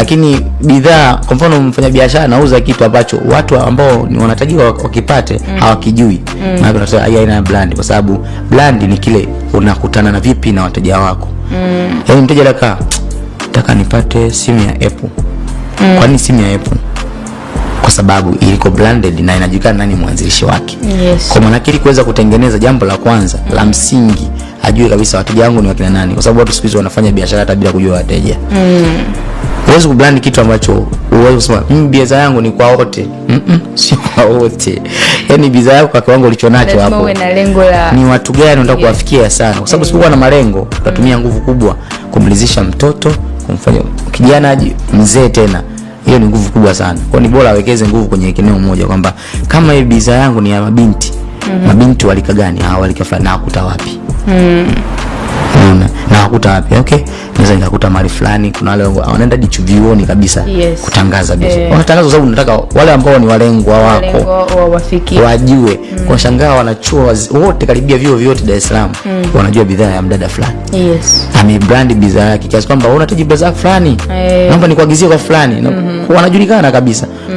lakini bidhaa, kwa mfano mfanyabiashara anauza kitu ambacho watu ambao wanatajiwa wakipate mm. hawakijui mm. maana tunasema aina ya brand, kwa sababu brand ni kile unakutana na vipi na wateja wako mm. yaani mteja daka taka nipate simu ya Apple mm. kwani simu ya Apple kwa sababu iliko branded na inajulikana nani mwanzilishi wake. Yes. Kwa maana ili kuweza kutengeneza jambo la kwanza mm. la msingi ajue kabisa wateja wangu ni wakina nani, kwa sababu watu siku hizi wanafanya biashara hata bila kujua wateja mm. Huwezi kubrand kitu ambacho huwezi kusema mmm, bidhaa yangu ni kwa wote. Mm -mm, sio kwa wote. Yaani biza yako kwa kiwango ulichonacho hapo. la ni watu gani unataka kuwafikia sana. Kwa sababu usipokuwa na malengo utatumia mm. nguvu kubwa kumlizisha mtoto, kumfanya kijana aje mzee tena. Hiyo ni nguvu kubwa sana. Kwa ni bora awekeze nguvu kwenye eneo moja kwamba kama hii biza yangu ni ya mabinti. Mm -hmm. Mabinti walika gani? Hao walika fulani na kuta wapi? Mm nikakuta wapi? Okay, naweza nikakuta mahali fulani kuna wale wanaenda jichu vioni kabisa yes. kutangaza biashara eh. yeah. wanatangaza kwa sababu nataka wale ambao ni walengwa wako wafikie wajue mm. kwa shangaa wanachua wote karibia vio vyote Dar es Salaam mm. wanajua bidhaa ya mdada fulani yes amebrand bidhaa yake kiasi kwamba unahitaji bidhaa fulani hey. Eh. naomba nikuagizie kwa fulani mm -hmm. wanajulikana kabisa mm.